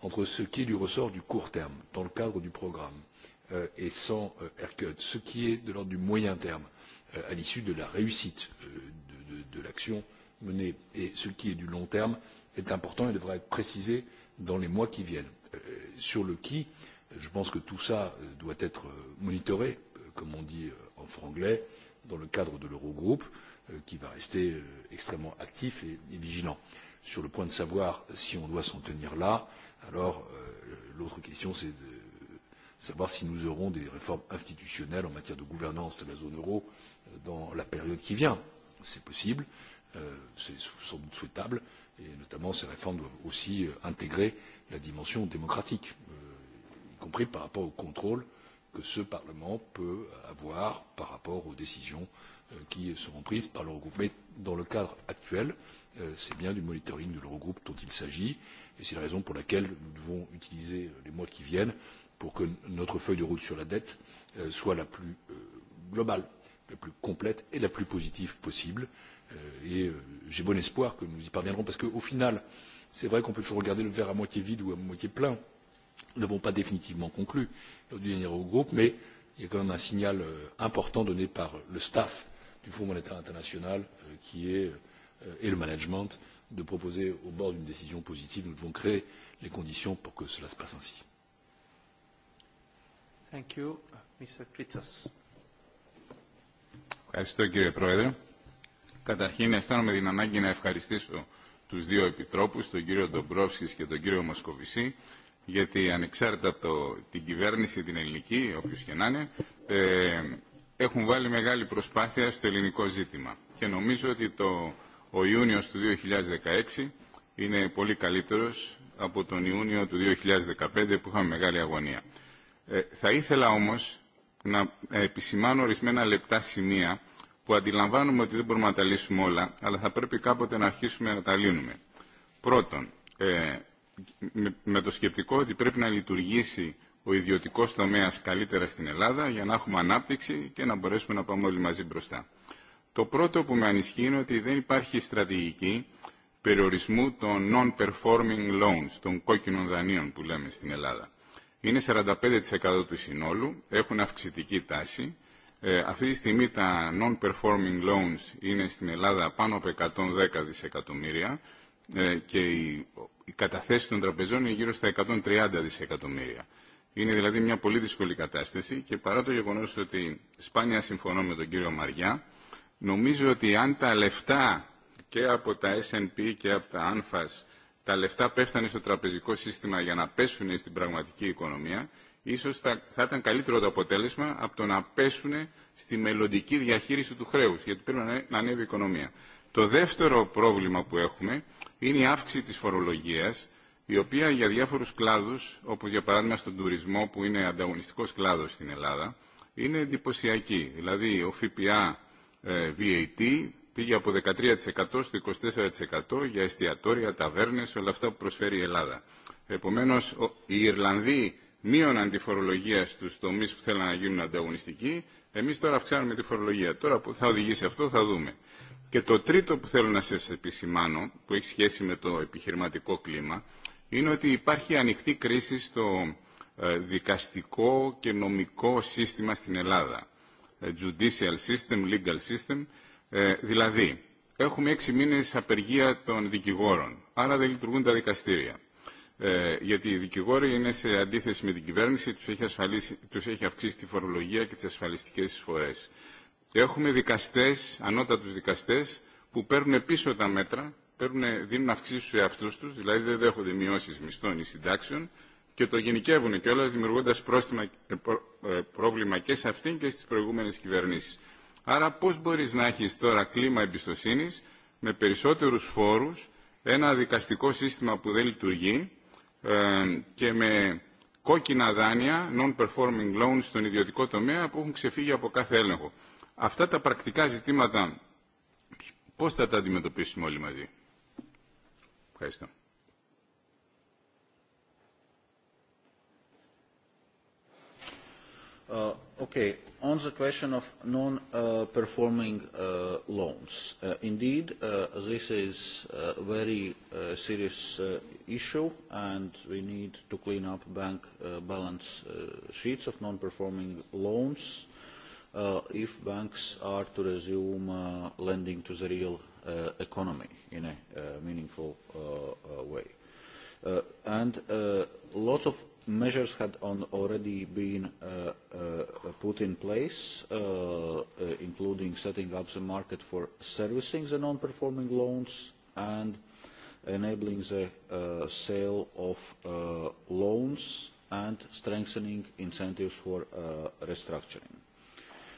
C: entre ce qui est du ressort du court terme, dans le cadre du programme, euh, et sans euh, haircut, ce qui est de l'ordre du moyen terme, euh, à l'issue de la réussite euh, de, de, de l'action, euh, menée et ce qui est du long terme est important et devra être précisé dans les mois qui viennent. Euh, sur le qui, je pense que tout cela euh, doit être euh, monitoré, comme on dit en franglais, dans le cadre de l'Eurogroupe, qui va rester extrêmement actif et, et vigilant. Sur le point de savoir si on doit s'en tenir là, alors l'autre question c'est de savoir si nous aurons des réformes institutionnelles en matière de gouvernance de la zone euro dans la période qui vient. C'est possible. Euh, Euh, c'est sans doute souhaitable, et notamment ces réformes doivent aussi euh, intégrer la dimension démocratique, euh, y compris par rapport au contrôle que ce Parlement peut avoir par rapport aux décisions qui seront prises par l'Eurogroupe. Mais dans le cadre actuel, c'est bien du monitoring de l'Eurogroupe dont il s'agit, et c'est la raison pour laquelle nous devons utiliser les mois qui viennent pour que notre feuille de route sur la dette soit la plus globale, la plus complète et la plus positive possible. Euh, et euh, j'ai bon espoir que nous y parviendrons parce qu'au final, c'est vrai qu'on peut toujours regarder le verre à moitié vide ou à moitié plein. Nous n'avons pas définitivement conclu lors du dernier groupe, mais il y a quand même un signal euh, important donné par le staff du Fonds monétaire international qui est, et le management de proposer au bord d'une décision positive. Nous devons créer les conditions pour que cela se passe ainsi.
B: Thank you, Mr. Kritzas.
L: Ευχαριστώ κύριε President. Καταρχήν αισθάνομαι την ανάγκη να ευχαριστήσω τους δύο επιτρόπους, τον κύριο Ντομπρόφσκης και τον κύριο Μοσκοβισή, γιατί ανεξάρτητα από το, την κυβέρνηση, την ελληνική, όποιος και να είναι, ε, έχουν βάλει μεγάλη προσπάθεια στο ελληνικό ζήτημα. Και νομίζω ότι το, ο Ιούνιος του 2016 είναι πολύ καλύτερος από τον Ιούνιο του 2015 που είχαμε μεγάλη αγωνία. Ε, θα ήθελα όμως να επισημάνω ορισμένα λεπτά σημεία που αντιλαμβάνουμε ότι δεν μπορούμε να τα λύσουμε όλα, αλλά θα πρέπει κάποτε να αρχίσουμε να τα λύνουμε. Πρώτον, ε, με, με το σκεπτικό ότι πρέπει να λειτουργήσει ο ιδιωτικό τομέα καλύτερα στην Ελλάδα για να έχουμε ανάπτυξη και να μπορέσουμε να πάμε όλοι μαζί μπροστά. Το πρώτο που με ανισχύει είναι ότι δεν υπάρχει στρατηγική περιορισμού των non-performing loans, των κόκκινων δανείων που λέμε στην Ελλάδα. Είναι 45% του συνόλου, έχουν αυξητική τάση Ε, αυτή τη στιγμή τα non-performing loans είναι στην Ελλάδα πάνω από 110 δισεκατομμύρια ε, και οι, οι καταθέσεις των τραπεζών είναι γύρω στα 130 δισεκατομμύρια. Είναι δηλαδή μια πολύ δύσκολη κατάσταση και παρά το γεγονός ότι σπάνια συμφωνώ με τον κύριο Μαριά, νομίζω ότι αν τα λεφτά και από τα S&P και από τα ANFAS τα λεφτά πέφτανε στο τραπεζικό σύστημα για να πέσουν στην πραγματική οικονομία, ίσως θα, θα ήταν καλύτερο το αποτέλεσμα από το να πέσουν στη μελλοντική διαχείριση του χρέους, γιατί πρέπει να, να ανέβει η οικονομία. Το δεύτερο πρόβλημα που έχουμε είναι η αύξηση της φορολογίας, η οποία για διάφορους κλάδους, όπως για παράδειγμα στον τουρισμό που είναι ανταγωνιστικός κλάδος στην Ελλάδα, είναι εντυπωσιακή. Δηλαδή ο ΦΠΑ ε, VAT πήγε από 13% στο 24% για εστιατόρια, ταβέρνες, όλα αυτά που προσφέρει η Ελλάδα. Επομένως, οι Ιρλανδοί μείωναν τη φορολογία στους τομείς που θέλαν να γίνουν ανταγωνιστικοί, εμείς τώρα αυξάνουμε τη φορολογία. Τώρα που θα οδηγήσει αυτό θα δούμε. Και το τρίτο που θέλω να σας επισημάνω, που έχει σχέση με το επιχειρηματικό κλίμα, είναι ότι υπάρχει ανοιχτή κρίση στο δικαστικό και νομικό σύστημα στην Ελλάδα. Judicial system, legal system, δηλαδή έχουμε έξι μήνες απεργία των δικηγόρων, άρα δεν λειτουργούν τα δικαστήρια. Ε, γιατί οι δικηγόροι είναι σε αντίθεση με την κυβέρνηση, τους έχει, ασφαλίσει, τους έχει αυξήσει τη φορολογία και τις ασφαλιστικές εισφορές. Έχουμε δικαστές, ανώτατους δικαστές, που παίρνουν πίσω τα μέτρα, παίρνουν, δίνουν αυξήσεις στους εαυτούς τους, δηλαδή δεν δέχονται μειώσεις μισθών ή συντάξεων, και το γενικεύουν κιόλας δημιουργώντας πρόστιμα, πρόβλημα και σε αυτήν και στις προηγούμενες κυβερνήσεις. Άρα πώς μπορείς να έχεις τώρα κλίμα εμπιστοσύνης με περισσότερους φόρους, ένα δικαστικό σύστημα που δεν λειτουργεί, και με κόκκινα δάνεια, non-performing loans στον ιδιωτικό τομέα που έχουν ξεφύγει από κάθε έλεγχο. Αυτά τα πρακτικά ζητήματα πώς θα τα αντιμετωπίσουμε όλοι μαζί. Ευχαριστώ.
A: Uh, Okay, on the question of non-performing uh, uh, loans, uh, indeed, uh, this is a uh, very uh, serious uh, issue and we need to clean up bank uh, balance uh, sheets of non-performing loans uh, if banks are to resume uh, lending to the real uh, economy in a uh, meaningful uh, uh, way. Uh, and uh, lots of measures had on already been uh, uh, put in place, uh, uh, including setting up the market for servicing the non-performing loans and enabling the uh, sale of uh, loans and strengthening incentives for uh, restructuring.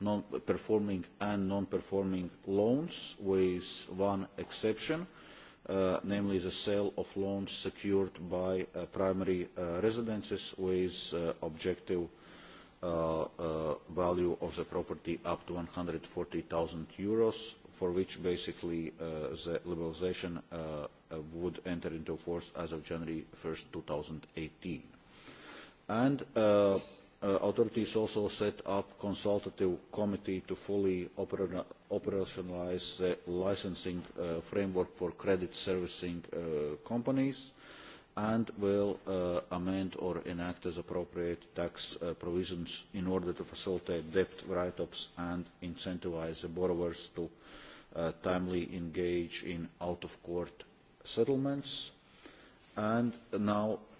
A: non-performing and non-performing loans with one exception, uh, namely the sale of loans secured by uh, primary uh, residences with uh, objective uh, uh, value of the property up to 140,000 euros, for which basically uh, the liberalization uh, would enter into force as of January 1st, 2018. And uh, Uh, authorities also set up a consultative committee to fully opera operationalize the licensing uh, framework for credit servicing uh, companies and will uh, amend or enact as appropriate tax uh, provisions in order to facilitate debt write-ups and incentivize the borrowers to uh, timely engage in out-of-court settlements. And now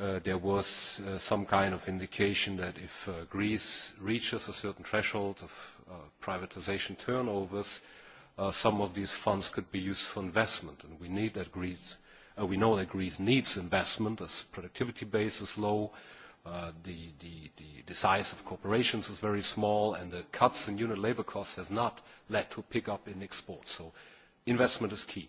M: uh, there was uh, some kind of indication that if uh, Greece reaches a certain threshold of uh, privatization turnovers, uh, some of these funds could be used for investment. And we need that Greece, uh, we know that Greece needs investment as productivity base is low, uh, the, the, the, the size of corporations is very small, and the cuts in unit labor costs has not led to a pickup in exports. So investment is key.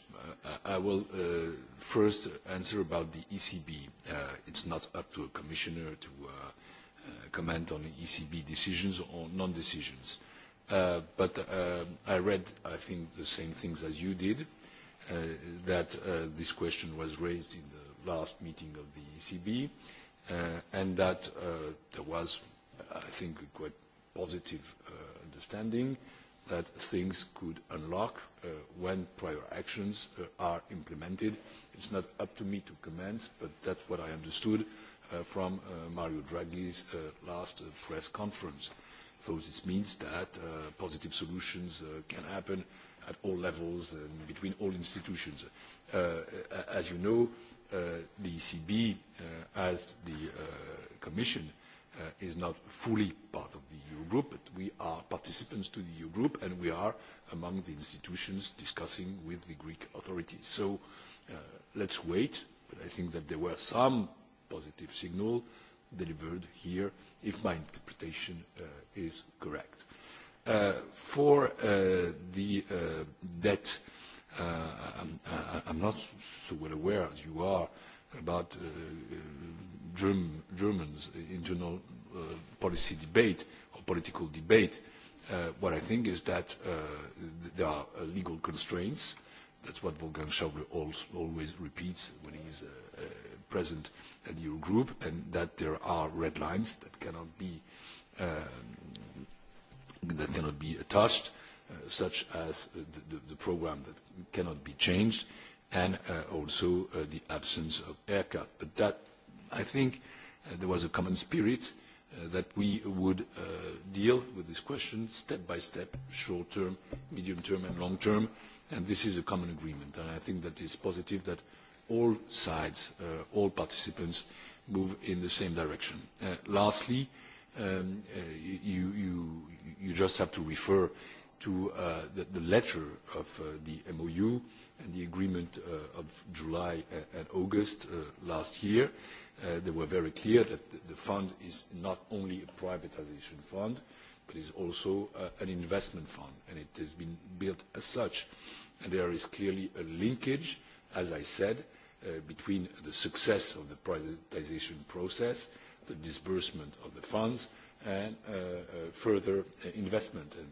C: I will uh, first answer about the ECB. Uh, it's not up to a commissioner to uh, uh, comment on ECB decisions or non-decisions. Uh, but uh, I read, I think, the same things as you did, uh, that uh, this question was raised in the last meeting of the ECB, uh, and that uh, there was, I think, a quite positive uh, understanding uh, that things could unlock uh, when prior actions uh, are implemented. It's not up to me to comment, but that's what I understood uh, from uh, Mario Draghi's uh, last uh, press conference. So this means that uh, positive solutions uh, can happen at all levels and between all institutions. Uh, uh as you know, uh, the ECB, uh, as the uh, Commission, uh, is not fully part of the EU group, but we are participants to the EU group and we are among the institutions discussing with the Greek authorities. So uh, let's wait, but I think that there were some positive signal delivered here, if my interpretation uh, is correct. Uh, for uh, the uh, debt, uh, I'm, I'm not so well aware as you are about uh, Germ Germans' internal uh, policy debate or political debate, uh, what I think is that uh, there are uh, legal constraints. That's what Wolfgang Schauble always repeats when he's uh, uh, present at the Eurogroup, and that there are red lines that cannot be, uh, that cannot be touched, uh, such as the, the, the program that cannot be changed and uh, also uh, the absence of haircut. But that, I think, uh, there was a common spirit uh, that we would uh, deal with this question step by step, short term, medium term and long term, and this is a common agreement. And I think that it's positive that all sides, uh, all participants move in the same direction. Uh, lastly, um, uh, you, you, you just have to refer to uh, the, the letter of uh, the MOU and the agreement uh, of July and August uh, last year, uh, they were very clear that the fund is not only a privatization fund, but is also uh, an investment fund, and it has been built as such. And there is clearly a linkage, as I said, uh, between the success of the privatization process, the disbursement of the funds, and uh, uh, further uh, investment. And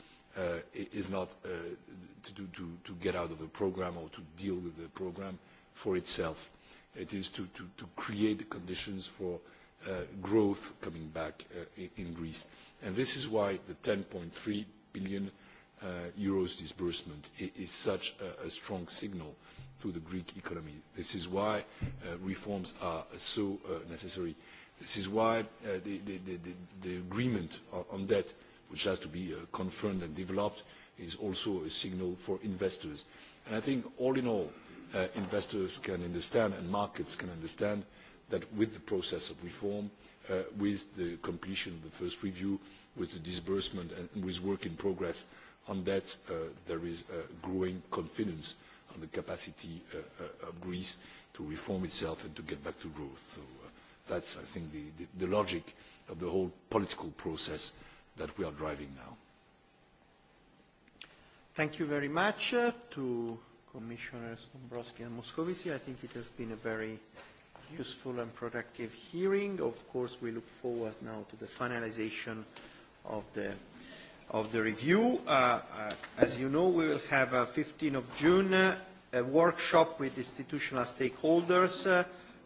C: uh, is not uh, to, do, to, to get out of the program or to deal with the program for itself. It is to, to, to create conditions for uh, growth coming back uh, in Greece. And this is why the 10.3 billion uh, euros disbursement is such a, a strong signal to the Greek economy. This is why uh, reforms are so uh, necessary. This is why uh, the, the, the, the agreement on, debt which has to be uh, confirmed and developed, is also a signal for investors. And I think all in all, uh, investors can understand and markets can understand that with the process of reform, uh, with the completion of the first review, with the disbursement and with work in progress on that, uh, there is a growing confidence on the capacity uh, uh of Greece to reform itself and to get back to growth. So uh, that's, I think, the, the, the logic of the whole political process that we are driving now.
B: Thank you very much uh, to Commissioners Dombrovski and Moscovici. I think it has been a very useful and productive hearing. Of course, we look forward now to the finalization of the, of the review. Uh, uh, as you know, we will have uh, 15 of June uh, a workshop with institutional stakeholders uh,